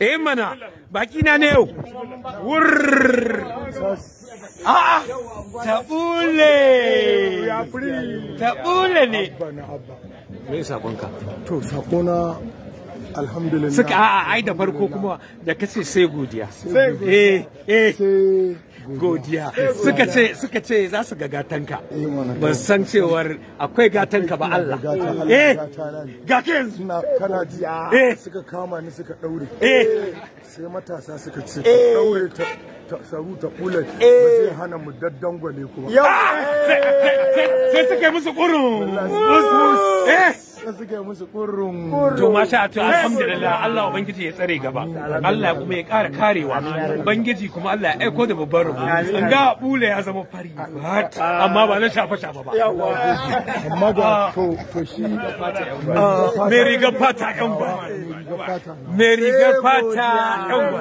eh mana baki na ne yau wurr ah taɓule taɓule ne me sakonka to sakona da farko kuma da kace sai godiya sai eh eh godiya suka ce suka ce za su ga gatanka ban san cewar akwai gatanka ba Allah eh ga ke suna kana jiya ah, eh. suka kama ni suka daure eh sai matasa suka ce daure eh. ta saru ta kula ba eh. zai hana mu daddangwale kuma sai suka yi musu kurun eh haka suke musu kurrun to masha Allah alhamdulillah Allah ubangiji ya tsare gaba Allah kuma ya kara karewa ubangiji kuma Allah ya aiko da babbar rubu an ga bule ya zama fari amma ba na shafa shafa ba amma ga to to shi ah, me riga fata kan ba me riga fata kan ba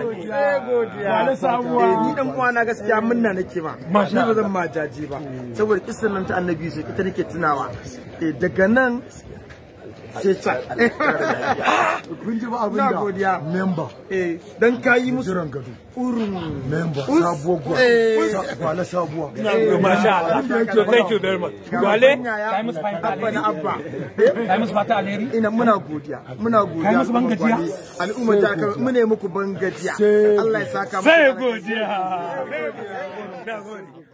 wani samuwa eh, ni dan na gaskiya munna nake ba ni ba zan ma ba saboda kisan nan ta annabi sai ita nake tunawa eh, daga nan sai can kun ji ba abin da godiya eh, dan kayi musu jiran gado urun member sabuwa gwale eh. gwale sabuwa eh. masha Allah to thank you very much gwale kai musu fata abba na abba kai musu fata alheri ina muna godiya muna godiya kai musu bangajiya al'umma ta ka ne muku bangajiya Allah ya saka mu sai godiya na gode